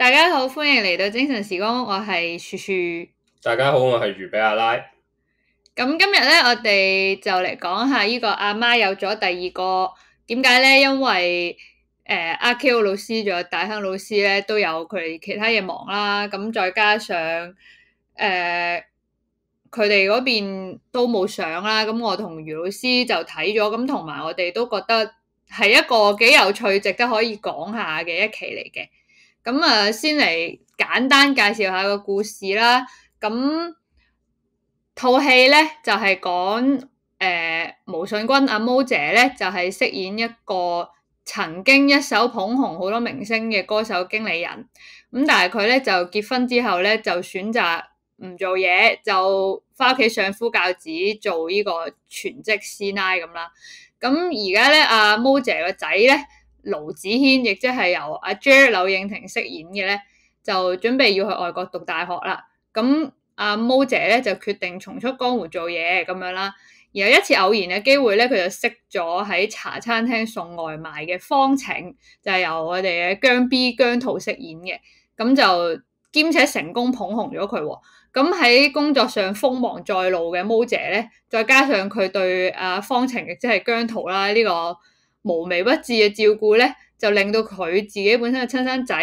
大家好，歡迎嚟到精神時光，我係樹樹。大家好，我係余比阿拉。咁今日咧，我哋就嚟講下呢個阿媽有咗第二個。點解咧？因為誒阿 Q 老師仲有大亨老師咧，都有佢其他嘢忙啦。咁再加上誒佢哋嗰邊都冇相啦。咁我同余老師就睇咗，咁同埋我哋都覺得係一個幾有趣，值得可以講下嘅一期嚟嘅。咁啊，先嚟簡單介紹下個故事啦。咁套戲咧就係、是、講誒毛、呃、舜筠阿毛、啊、姐咧，就係、是、飾演一個曾經一手捧紅好多明星嘅歌手經理人。咁但係佢咧就結婚之後咧，就選擇唔做嘢，就返屋企上夫教子，做呢個全職師奶咁啦。咁而家咧，阿、啊、毛姐個仔咧。盧子軒，亦即係由阿 Jer，柳應廷飾演嘅咧，就準備要去外國讀大學啦。咁阿 Mo 姐咧就決定重出江湖做嘢咁樣啦。然後一次偶然嘅機會咧，佢就識咗喺茶餐廳送外賣嘅方晴，就係由我哋嘅姜 B 姜、姜濤飾演嘅。咁就兼且成功捧紅咗佢。咁喺工作上鋒芒再露嘅 Mo 姐咧，再加上佢對阿方晴，亦即係姜濤啦呢個。無微不至嘅照顧咧，就令到佢自己本身嘅親生仔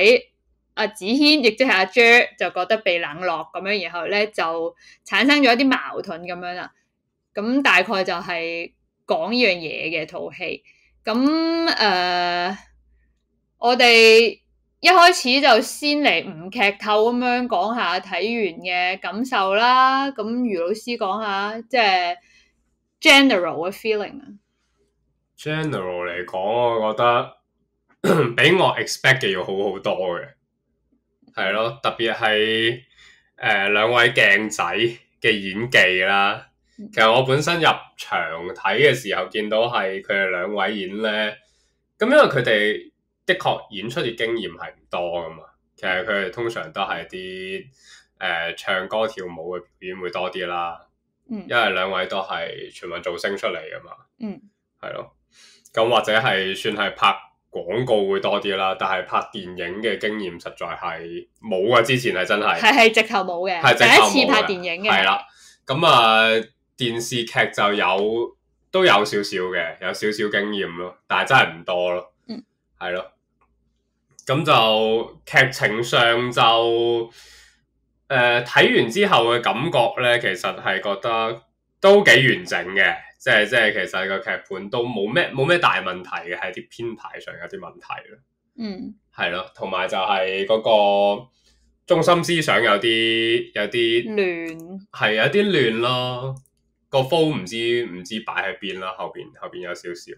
阿、啊、子軒，亦即係阿 J 就覺得被冷落咁樣，然後咧就產生咗一啲矛盾咁樣啦。咁大概就係講呢樣嘢嘅套戲。咁誒、呃，我哋一開始就先嚟唔劇透咁樣講下睇完嘅感受啦。咁余老師講下即係 general 嘅 feeling 啊。General 嚟講，我覺得 比我 expect 嘅要好好多嘅，係咯，特別係誒兩位鏡仔嘅演技啦。其實我本身入場睇嘅時候，見到係佢哋兩位演咧，咁因為佢哋的確演出嘅經驗係唔多噶嘛。其實佢哋通常都係啲誒唱歌跳舞嘅表演會多啲啦。嗯，因為兩位都係全民造星出嚟噶嘛。嗯，係咯。咁或者係算係拍廣告會多啲啦，但係拍電影嘅經驗實在係冇啊！之前係真係係係直頭冇嘅，第一次拍電影嘅係啦。咁啊，電視劇就有都有少少嘅，有少少經驗咯，但係真係唔多咯。嗯，係咯。咁就劇情上就誒睇完之後嘅感覺咧，其實係覺得都幾完整嘅。即係即係，其實個劇本都冇咩冇咩大問題嘅，係啲編排上有啲問題咯。嗯，係咯，同埋就係嗰個中心思想有啲有啲亂，係亂有啲亂咯。個 f 唔知唔知擺喺邊啦，後邊後邊有少少，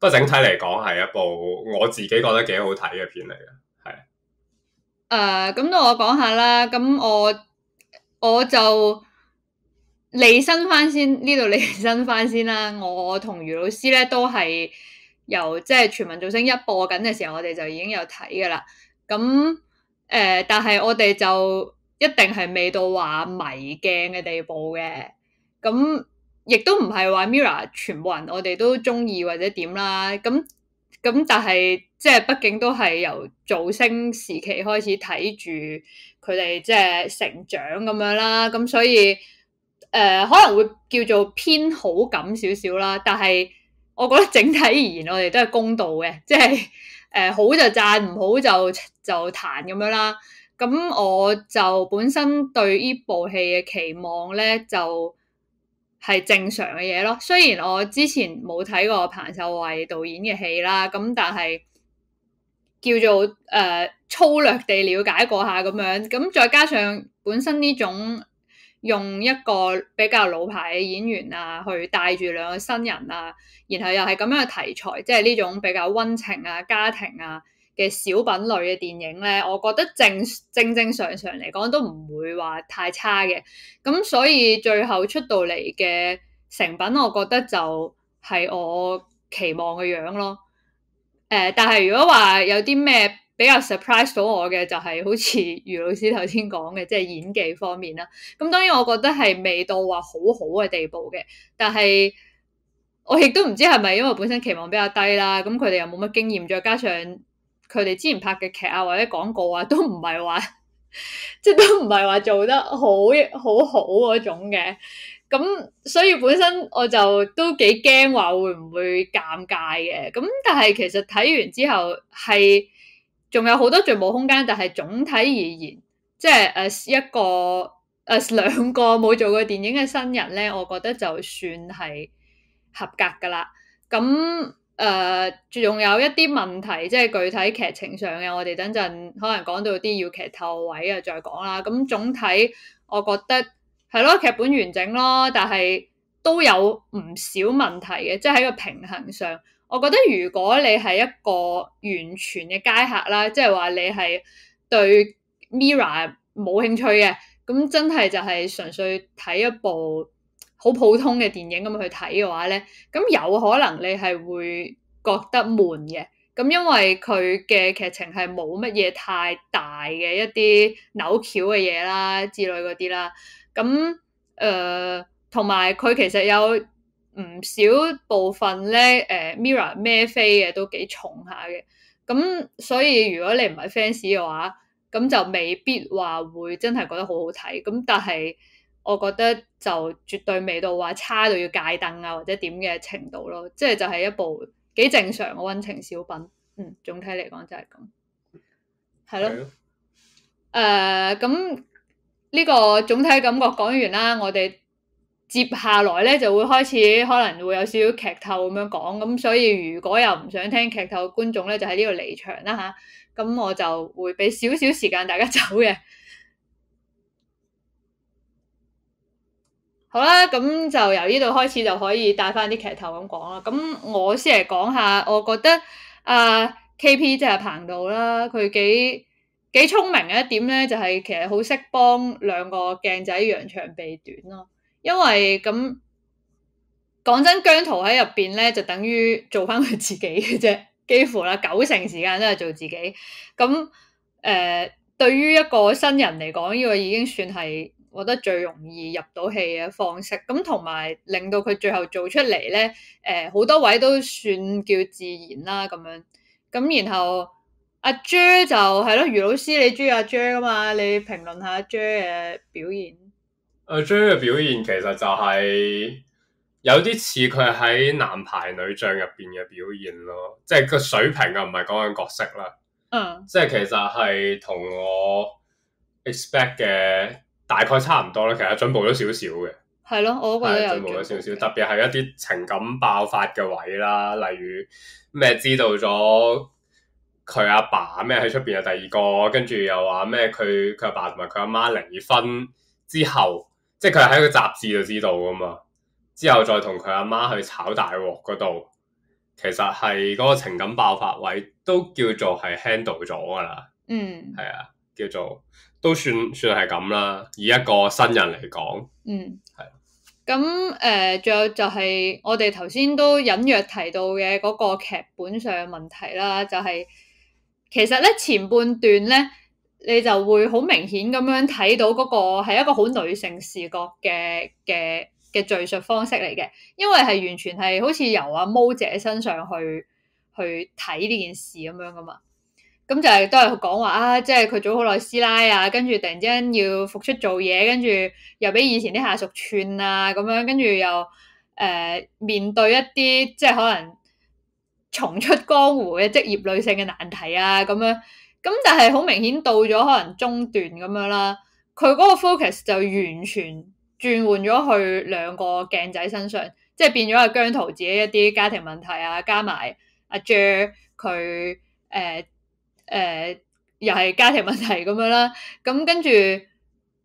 不過整體嚟講係一部我自己覺得幾好睇嘅片嚟嘅，係。誒、呃，咁我講下啦，咁我我就。利申翻先，呢度利申翻先啦！我同余老師咧都係由即係全民造星一播緊嘅時候，我哋就已經有睇㗎喇。咁誒、呃，但係我哋就一定係未到話迷鏡嘅地步嘅。咁亦都唔係話 MIRROR 全部人我哋都中意或者點啦。咁咁，但係即係畢竟都係由造星時期開始睇住佢哋即係成長咁樣啦。咁所以。誒、呃、可能會叫做偏好感少少啦，但係我覺得整體而言，我哋都係公道嘅，即係誒好就讚，唔好就就彈咁樣啦。咁我就本身對呢部戲嘅期望咧，就係、是、正常嘅嘢咯。雖然我之前冇睇過彭秀慧導演嘅戲啦，咁但係叫做誒、呃、粗略地了解過下咁樣，咁再加上本身呢種。用一個比較老牌嘅演員啊，去帶住兩個新人啊，然後又係咁樣嘅題材，即係呢種比較溫情啊、家庭啊嘅小品類嘅電影咧，我覺得正正正常常嚟講都唔會話太差嘅。咁所以最後出到嚟嘅成品，我覺得就係我期望嘅樣咯。誒、呃，但係如果話有啲咩比較 surprise 到我嘅就係好似余老師頭先講嘅，即係演技方面啦。咁當然我覺得係未到話好好嘅地步嘅，但係我亦都唔知係咪因為本身期望比較低啦。咁佢哋又冇乜經驗，再加上佢哋之前拍嘅劇啊或者廣告啊都唔係話，即 係都唔係話做得好好好嗰種嘅。咁所以本身我就都幾驚話會唔會尷尬嘅。咁但係其實睇完之後係。仲有好多進步空間，但係總體而言，即係誒一個誒 兩個冇做過電影嘅新人咧，我覺得就算係合格噶啦。咁誒，仲、呃、有一啲問題，即係具體劇情上嘅，我哋等陣可能講到啲要劇透位啊，再講啦。咁總體我覺得係咯，劇本完整咯，但係。都有唔少問題嘅，即係喺個平衡上，我覺得如果你係一個完全嘅街客啦，即係話你係對 Mirror 冇興趣嘅，咁真係就係純粹睇一部好普通嘅電影咁去睇嘅話咧，咁有可能你係會覺得悶嘅，咁因為佢嘅劇情係冇乜嘢太大嘅一啲扭橋嘅嘢啦之類嗰啲啦，咁誒。呃同埋佢其實有唔少部分咧，誒、呃、Mirror 孭飛嘅都幾重下嘅，咁、嗯、所以如果你唔係 fans 嘅話，咁就未必話會真係覺得好好睇。咁、嗯、但係我覺得就絕對未到話差到要戒凳啊或者點嘅程度咯，即係就係一部幾正常嘅溫情小品。嗯，總體嚟講就係咁，係咯。誒了，咁呢、呃、個總體感覺講完啦，我哋。接下來咧就會開始，可能會有少少劇透咁樣講咁。所以，如果又唔想聽劇透，觀眾咧就喺呢度離場啦吓。咁我就會俾少少時間大家走嘅。好啦，咁就由呢度開始就可以帶翻啲劇透咁講啦。咁我先嚟講下，我覺得阿、啊、K P 即係彭導啦，佢幾幾聰明嘅一點咧，就係、是、其實好識幫兩個鏡仔揚長避短咯。因為咁講真，姜濤喺入邊咧就等於做翻佢自己嘅啫，幾乎啦九成時間都係做自己。咁誒、呃，對於一個新人嚟講，呢、這個已經算係我覺得最容易入到戲嘅方式。咁同埋令到佢最後做出嚟咧，誒、呃、好多位都算叫自然啦。咁樣咁然後阿、啊、J、er、就係咯，余老師你中意阿 J 啊、er、嘛？你評論下阿 J 嘅、er、表現。阿 J 嘅表現其實就係有啲似佢喺男排女將入邊嘅表現咯，即係個水平啊，唔係講緊角色啦。嗯，uh，即係其實係同我 expect 嘅大概差唔多啦，其實進步咗少少嘅。係咯，我覺得進步咗少少，特別係一啲情感爆發嘅位啦，例如咩知道咗佢阿爸咩喺出邊有第二個，跟住又話咩佢佢阿爸同埋佢阿媽離婚之後。即係佢喺個雜誌就知道噶嘛，之後再同佢阿媽去炒大鑊嗰度，其實係嗰個情感爆發位都叫做係 handle 咗噶啦。嗯，係啊，叫做都算算係咁啦，以一個新人嚟講。嗯，係、啊。咁誒，仲、呃、有就係我哋頭先都隱約提到嘅嗰個劇本上嘅問題啦，就係、是、其實咧前半段咧。你就會好明顯咁樣睇到嗰個係一個好女性視覺嘅嘅嘅敘述方式嚟嘅，因為係完全係好似由阿毛姐身上去去睇呢件事咁樣噶嘛。咁就係、是、都係講話啊，即係佢做好耐師奶啊，跟住突然之間要復出做嘢，跟住又俾以前啲下屬串啊，咁樣跟住又誒、呃、面對一啲即係可能重出江湖嘅職業女性嘅難題啊，咁樣。咁但係好明顯到咗可能中段咁樣啦，佢嗰個 focus 就完全轉換咗去兩個鏡仔身上，即係變咗阿姜濤自己一啲家庭問題啊，加埋阿 Joe 佢誒誒又係家庭問題咁樣啦。咁、嗯、跟住，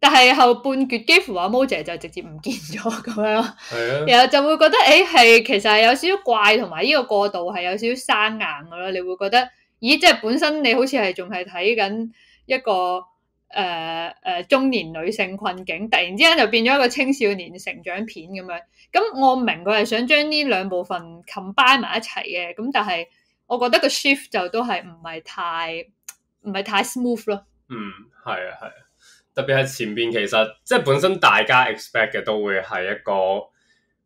但係後半段幾乎阿 Mo 姐就直接唔見咗咁樣咯。係啊的，然後就會覺得誒，係、欸、其實係有少少怪，同埋呢個過渡係有少少生硬噶咯，你會覺得。咦，即係本身你好似係仲係睇緊一個誒誒、呃呃、中年女性困境，突然之間就變咗一個青少年成長片咁樣。咁我唔明佢係想將呢兩部分 combine 埋一齊嘅，咁但係我覺得個 shift 就都係唔係太唔係太 smooth 咯。嗯、係、嗯、啊係啊，特別喺前邊其實即係本身大家 expect 嘅都會係一個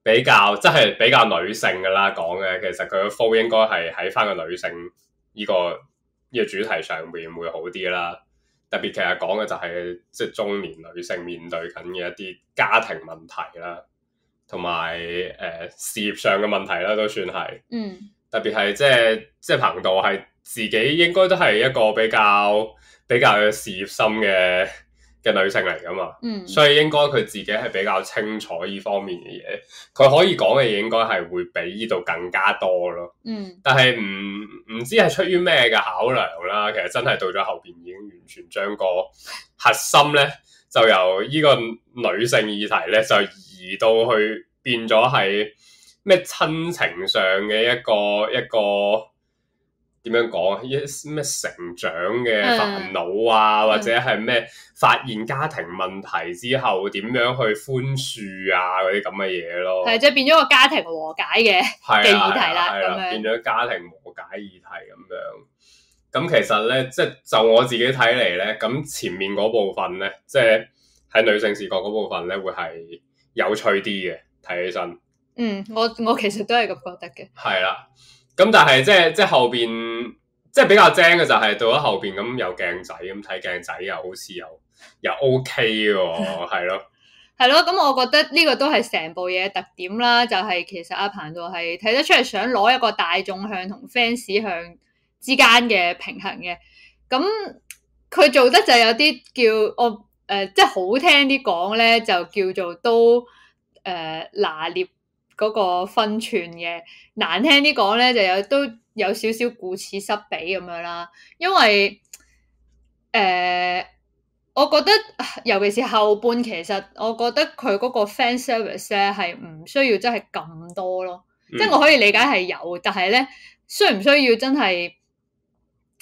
比較即係比較女性㗎啦講嘅，其實佢嘅 focus 應該係喺返個女性，呢個依個主題上面會好啲啦，特別其實講嘅就係即係中年女性面對緊嘅一啲家庭問題啦，同埋誒事業上嘅問題啦，都算係。嗯。特別係即係即係彭導係自己應該都係一個比較比較有事業心嘅嘅女性嚟㗎嘛，嗯、所以應該佢自己係比較清楚依方面嘅嘢，佢可以講嘅嘢應該係會比依度更加多咯。嗯，但係唔唔知係出於咩嘅考量啦，其實真係到咗後面已經完全將個核心咧，就由依個女性議題咧，就移到去變咗係咩親情上嘅一個一個，一個點樣講啊？一咩成長嘅煩惱啊，係，或者係咩發現家庭問題之後點樣去寬恕啊，嗰啲咁嘅嘢咯。係即係變咗個家庭和解嘅議題啦，咁樣變咗家庭和解議題咁樣。咁其實咧，即係就我自己睇嚟咧，咁前面嗰部分咧，即係喺女性視角嗰部分咧，會係有趣啲嘅，睇起身。嗯，我我其實都係咁覺得嘅。係啦。咁但係即係，即係後邊即係比較正嘅就係到咗後邊，咁有鏡仔咁睇鏡仔又好似又又 OK 喎，係咯，OK 哦，係咯。咁 我覺得呢個都係成部嘢嘅特點啦，就係、是、其實阿彭度係睇得出嚟，想攞一個大眾向同 fans 向之間嘅平衡嘅。咁佢做得就有啲叫我誒、呃，即係好聽啲講咧，就叫做都誒、呃、拿捏。嗰個分寸嘅難聽啲講咧，就有都有少少顧此失彼咁樣啦。因為誒、呃，我覺得尤其是後半，其實我覺得佢嗰個 fan service 咧係唔需要真係咁多咯。嗯、即係我可以理解係有，但係咧需唔需要真係？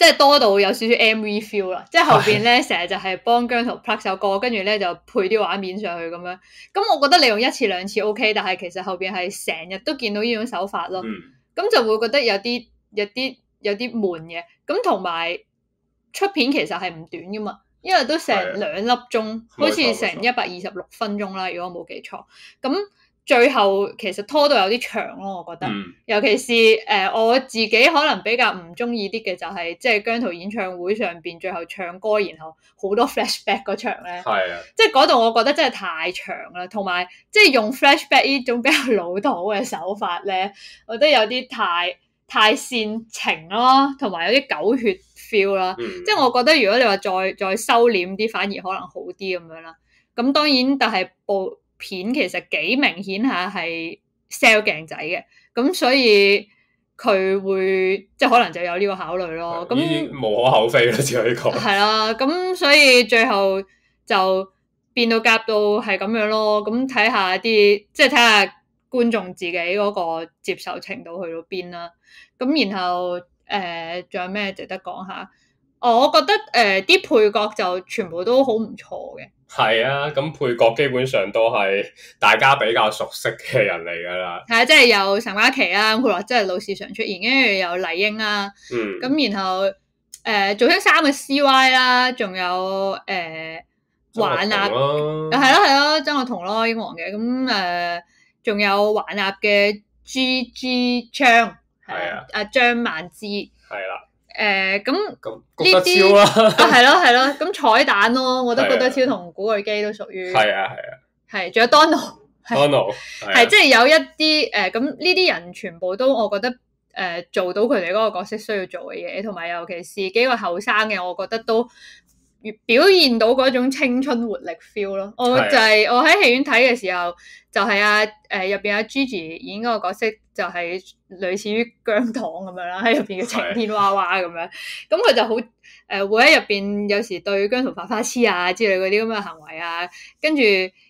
即係多到有少少 MV feel 啦，即係後邊咧成日就係幫姜濤 plug 首歌，跟住咧就配啲畫面上去咁樣。咁我覺得你用一次兩次 OK，但係其實後邊係成日都見到呢種手法咯。咁、嗯、就會覺得有啲有啲有啲悶嘅。咁同埋出片其實係唔短噶嘛，因為都成兩粒鐘，好似成一百二十六分鐘啦，如果我冇記錯咁。最後其實拖到有啲長咯，我覺得，嗯、尤其是誒、呃、我自己可能比較唔中意啲嘅就係即係姜濤演唱會上邊最後唱歌，然後好多 flashback 嗰場咧，的即係嗰度我覺得真係太長啦，同埋即係用 flashback 呢種比較老土嘅手法咧，我覺得有啲太太煽情咯，同埋有啲狗血 feel 啦，嗯、即係我覺得如果你話再再收斂啲，反而可能好啲咁樣啦。咁當然，但係播報片其實幾明顯下係 sell 鏡仔嘅，咁所以佢會即係可能就有呢個考慮咯。咁 那無可厚非啦，只可以講。係啦，咁所以最後就變到夾到係咁樣咯。咁睇下啲即係睇下觀眾自己嗰個接受程度去到邊啦。咁然後誒仲、呃、有咩值得講下？我覺得誒啲、呃、配角就全部都好唔錯嘅。係啊，咁配角基本上都係大家比較熟悉嘅人嚟噶啦。係啊，即係有陳嘉琪啦，佢話即係老是常出現，跟住有麗英啦，咁然後誒做咗三個 C Y 啦，啊，仲有誒，呃啊，玩鴨，係咯係咯，曾樂彤咯英皇嘅，咁誒仲有玩鴨嘅 G G 張，係啊，阿，啊啊，張蔓姿，係啦，啊。誒咁呢啲啊係咯係咯咁彩蛋咯，我都覺得超同古巨基都屬於係啊係啊，係仲有 Donald Donald 係即係有一啲誒咁呢啲人全部都我覺得誒做到佢哋嗰個角色需要做嘅嘢，同埋尤其是幾個後生嘅，我覺得都。越表現到嗰種青春活力 feel 咯，我就係我喺戲院睇嘅時候，就係、是、阿、啊、誒入、呃、邊阿、啊、Gigi 演嗰個角色，就係類似於姜濤咁樣啦，喺入邊嘅晴天娃娃咁樣，咁佢是的 就好誒、呃、會喺入邊有時對姜濤發花痴啊之類嗰啲咁嘅行為啊，跟住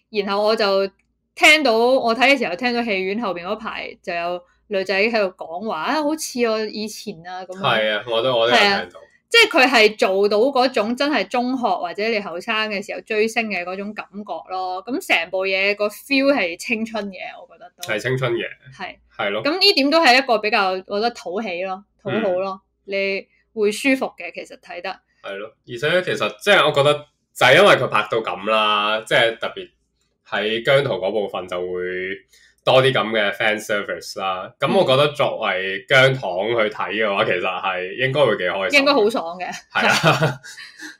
然後我就聽到我睇嘅時候聽到戲院後邊嗰排就有女仔喺度講話，啊、好似我以前啊咁，係啊，我都我都聽到。即係佢係做到嗰種真係中學或者你後生嘅時候追星嘅嗰種感覺咯。咁成部嘢個 feel 係青春嘢，我覺得都係青春嘅係係咯。咁呢點都係一個比較我覺得討喜咯，討好咯，嗯、你會舒服嘅。其實睇得係咯，而且其實即係我覺得就係因為佢拍到咁啦，即係特別喺姜濤嗰部分就會。多啲咁嘅 fan service 啦，咁我覺得作為姜糖去睇嘅話，其實係應該會幾開心，應該好爽嘅，係啊，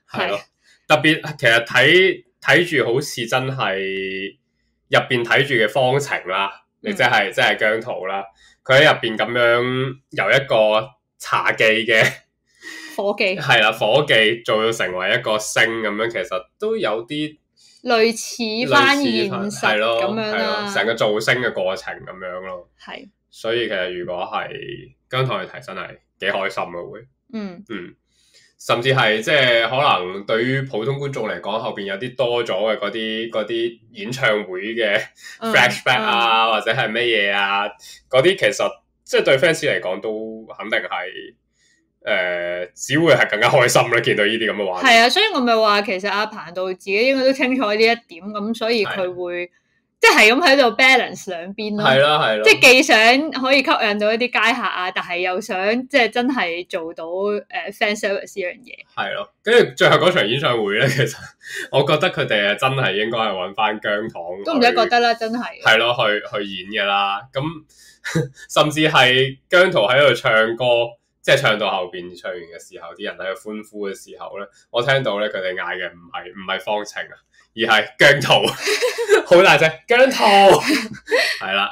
係咯，特別其實睇睇住好似真係入邊睇住嘅方程啦，你、即係嗯、即係即係姜糖啦，佢喺入邊咁樣由一個茶記嘅 火記係啦、啊，火記做到成為一個星咁樣，其實都有啲。類似翻現實咁似了樣成、啊、個造星嘅過程咁樣咯，係是。所以其實如果係跟台嚟睇，真係幾開心啊！會嗯嗯，甚至係即係可能對於普通觀眾嚟講，後邊有啲多咗嘅嗰啲啲演唱會嘅 flashback、 嗯、 啊，或者係咩嘢啊，嗰啲其實即係、就是、對 fans 嚟講都肯定係。誒、呃，只會係更加開心咧。見到呢啲咁嘅話係啊，所以我咪話其實阿、啊、彭導自己應該都清楚呢一點咁，所以佢會、啊、即係咁喺度 balance 兩邊咯、啊，係啦係啦，啊、即係既想可以吸引到一啲街客啊，但係又想即係真係做到誒 fan service 呢樣嘢係咯。跟、uh, 住、啊、最後嗰場演唱會咧，其實我覺得佢哋係真係應該係揾翻姜糖，都唔使覺得啦，真係係咯，去去演嘅啦。咁甚至係姜濤喺度唱歌。即係唱到後邊唱完嘅時候，啲人喺度歡呼嘅時候咧，我聽到咧佢哋嗌嘅唔係唔係方晴，啊，而係姜濤，好大隻姜濤，係 啦。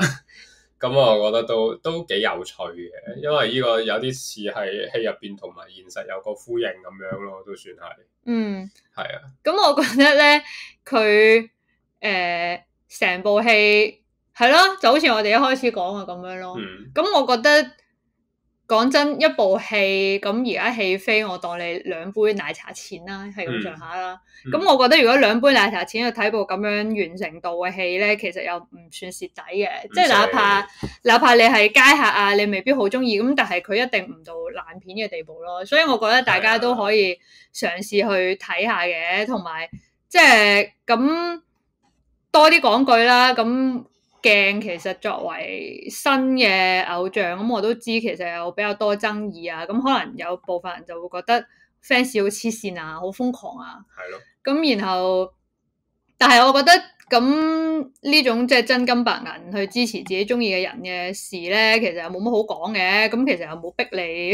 咁我覺得都都幾有趣嘅，因為呢個有啲似係戲入邊同埋現實有個呼應咁樣咯，都算係。嗯，係啊。咁、嗯、我覺得咧，佢誒成部戲係咯，就好似我哋一開始講嘅咁樣咯。咁、嗯、我覺得。講真，一部戲咁而家戲飛，我當你兩杯奶茶錢啦，係咁上下啦。咁、嗯、我覺得如果兩杯奶茶錢去睇、嗯、部咁樣完成度嘅戲咧，其實又唔算蝕底嘅。嗯、即係哪怕的哪怕你係街客啊，你未必好鍾意。咁但係佢一定唔到爛片嘅地步咯。所以我覺得大家都可以嘗試去睇下嘅，同埋的即係咁多啲講句啦。咁。鏡其實作為新嘅偶像咁，我都知其實有比較多爭議啊。咁可能有部分人就會覺得 fans 好黐線啊，好瘋狂啊。係咯的。咁然後，但係我覺得咁呢種即係真金白銀去支持自己中意嘅人嘅事咧，其實又冇乜好講嘅。咁其實又冇逼你，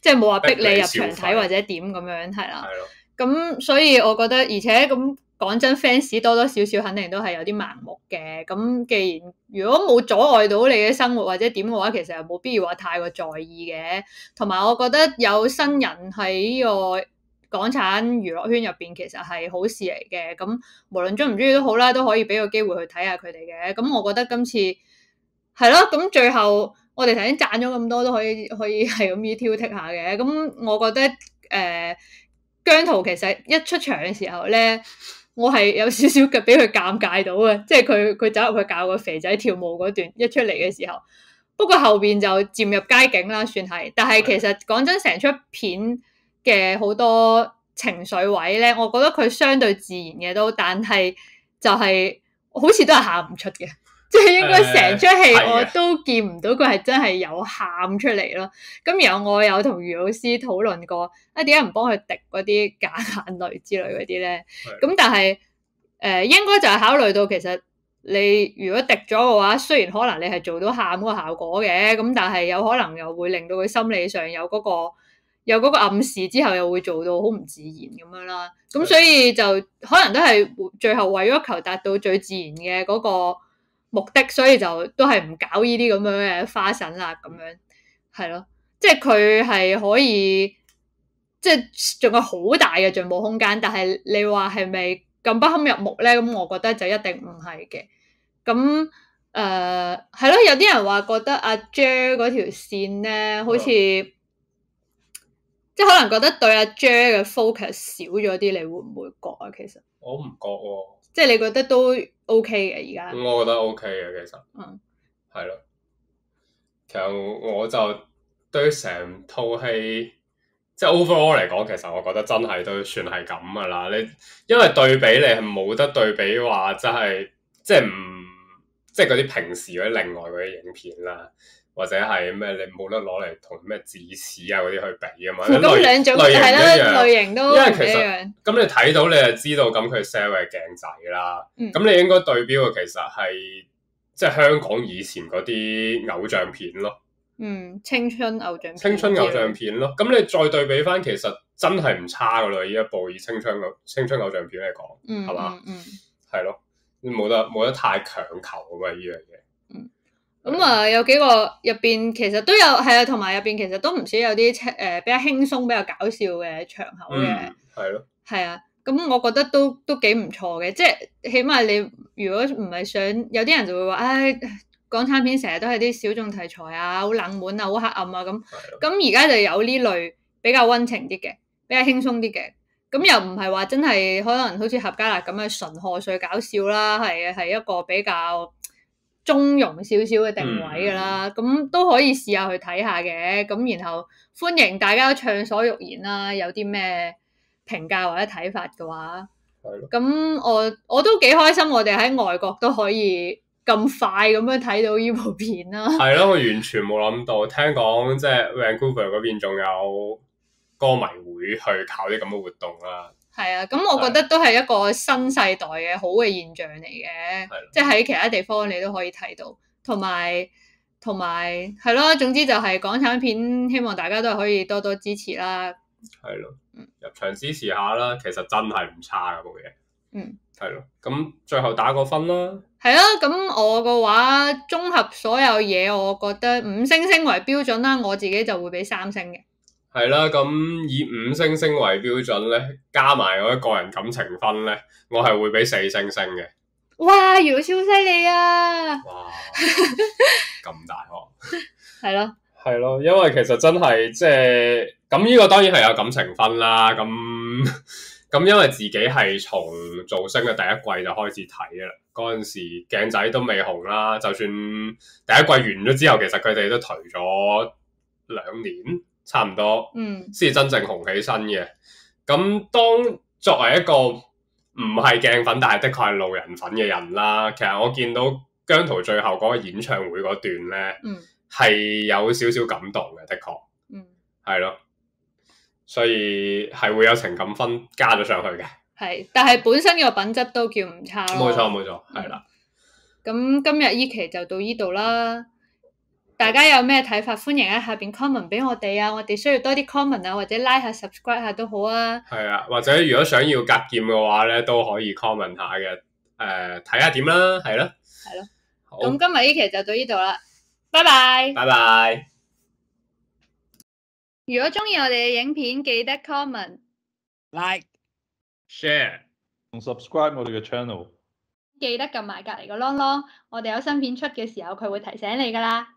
即係冇話逼你入場睇或者點咁樣係啦。係咯。咁所以我覺得，而且咁。講真，fans 多多少少肯定都係有啲盲目嘅。咁既然如果冇阻礙到你嘅生活或者點嘅話，其實又冇必要話太過在意嘅。同埋我覺得有新人喺呢個港產娛樂圈入邊，其實係好事嚟嘅。咁無論中唔中意都好啦，都可以俾個機會去睇下佢哋嘅。咁我覺得今次係咯。咁最後我哋頭先讚咗咁多，都可以可以係咁易挑剔下嘅。咁我覺得誒、呃、姜濤其實一出場嘅時候咧。我係有少少嘅俾佢尷尬到嘅，即係佢佢走入去教個肥仔跳舞嗰段一出嚟嘅時候，不過後邊就漸入佳境啦，算係。但係其實講的真，成出片嘅好多情緒位咧，我覺得佢相對自然嘅都，但係就係、是、好似都係喊唔出嘅。即係應該成出戲我都見唔到佢係真係有喊出嚟咯。咁、嗯、然後我有同余老師討論過，啊點解唔幫佢滴嗰啲假眼淚之類嗰啲咧？咁的、嗯、但係誒、呃，應該就係考慮到其實你如果滴咗嘅話，雖然可能你係做到喊嗰個效果嘅，咁、嗯、但係有可能又會令到佢心理上有嗰、那個有嗰個暗示之後，又會做到好唔自然咁樣啦。咁的所以就可能都係最後為咗求達到最自然嘅嗰、那個。目的，所以就都係唔搞呢啲咁樣嘅花神啦，咁樣係咯，即係佢係可以，即係仲有好大嘅進步空間，但係你話係咪咁不堪入目咧？咁我覺得就一定唔係嘅。咁誒，係、呃、咯，有啲人話覺得阿 Jer 嗰、er、條線咧，好似、嗯、即係可能覺得對阿 Jer、er、嘅 focus 少咗啲，你會唔會覺啊？其實，我唔覺喎、哦，即係你覺得都。O K 嘅，而家，我覺得 O K 嘅。其實，嗯，係咯，其實我就對成套戲即係 overall 嚟講，其實我覺得真係都算係咁噶啦。你因為對比你係冇得對比話，就係，即係即係唔即係嗰啲平時嗰啲另外嗰啲影片啦。或者係咩？你冇得攞嚟同咩自始啊嗰啲去比啊嘛。咁兩、嗯、類種類型，類型都一樣，因為其實咁你睇到你就知道咁佢 sell 嘅鏡仔啦。咁、嗯、你應該對標嘅其實係即係香港以前嗰啲偶像片咯。嗯，青春偶像青春偶像片咯。咁你再對比翻，其實真係唔差噶啦！呢一部以青春偶像青春偶像片嚟講，係嘛？係咯，冇得冇得太強求咁啊！呢樣嘢。咁啊，有幾個入邊其實都有係啊，同埋入邊其實都唔少有啲誒、呃、比較輕鬆、比較搞笑嘅場口嘅，係咯、嗯，係啊。咁我覺得都都幾唔錯嘅，即係起碼你如果唔係想有啲人就會話，唉、哎，港產片成日都係啲小眾題材啊，好冷門啊，好黑暗啊咁。咁而家就有呢類比較溫情啲嘅，比較輕鬆啲嘅。咁又唔係話真係可能好似《合家樂》咁嘅純賀歲搞笑啦，係係一個比較。中庸少少嘅定位㗎啦，咁、嗯、都可以試下去睇下嘅，咁然後歡迎大家暢所欲言啦，有啲咩評價或者睇法嘅話，係咯的，咁我我都幾開心，我哋喺外國都可以咁快咁樣睇到呢部片啦。係咯，我完全冇諗到， 聽講即係 Vancouver 嗰邊仲有歌迷會去搞啲咁嘅活動啦、啊。係啊，咁我覺得都係一個新世代嘅好嘅現象嚟嘅，啊、即係喺其他地方你都可以睇到，同埋同埋係咯，總之就係港產片，希望大家都可以多多支持啦。係咯、啊，嗯、入場支持下啦，其實真係唔差嗰部嘢。那個、嗯，係咯、啊，咁最後打個分啦。係啊，咁我嘅話綜合所有嘢，我覺得五星星為標準啦，我自己就會俾三星嘅。係啦，咁以五星星為標準咧，加埋我一個人感情分咧，我係會俾四星星嘅。哇，超犀利啊！哇，咁 大鑊。係咯 了，係咯，因為其實真係即係咁呢個當然係有感情分啦。咁咁 因為自己係從造星嘅第一季就開始睇啦，嗰陣時鏡仔都未紅啦。就算第一季完咗之後，其實佢哋都頹咗兩年。差唔多，嗯，先至真正紅起身嘅。咁當作為一個唔係鏡粉，但係的確係路人粉嘅人啦。其實我見到姜濤最後嗰個演唱會嗰段咧，嗯，係有少少感動嘅，的確，嗯，係咯，所以係會有情感分加咗上去嘅。係，但係本身個品質都叫唔差。冇錯，冇錯，係啦，嗯。咁了今日呢期就到呢度啦。大家有咩睇法？歡迎喺下邊 comment 俾我哋啊！我哋需要多啲 comment 啊，或者拉、like、下 subscribe 下都好啊。係啊，或者如果想要格劍嘅話咧，都可以 comment 下嘅。誒、呃，睇下點啦，係咯、啊，係咯的。咁好今日呢期就到呢度啦，拜拜，拜拜 bye。如果中意我哋嘅影片，記得 comment、like、share 同 subscribe 我哋嘅 channel。記得撳埋隔離個啷啷，我哋有新片出嘅時候，佢會提醒你噶啦。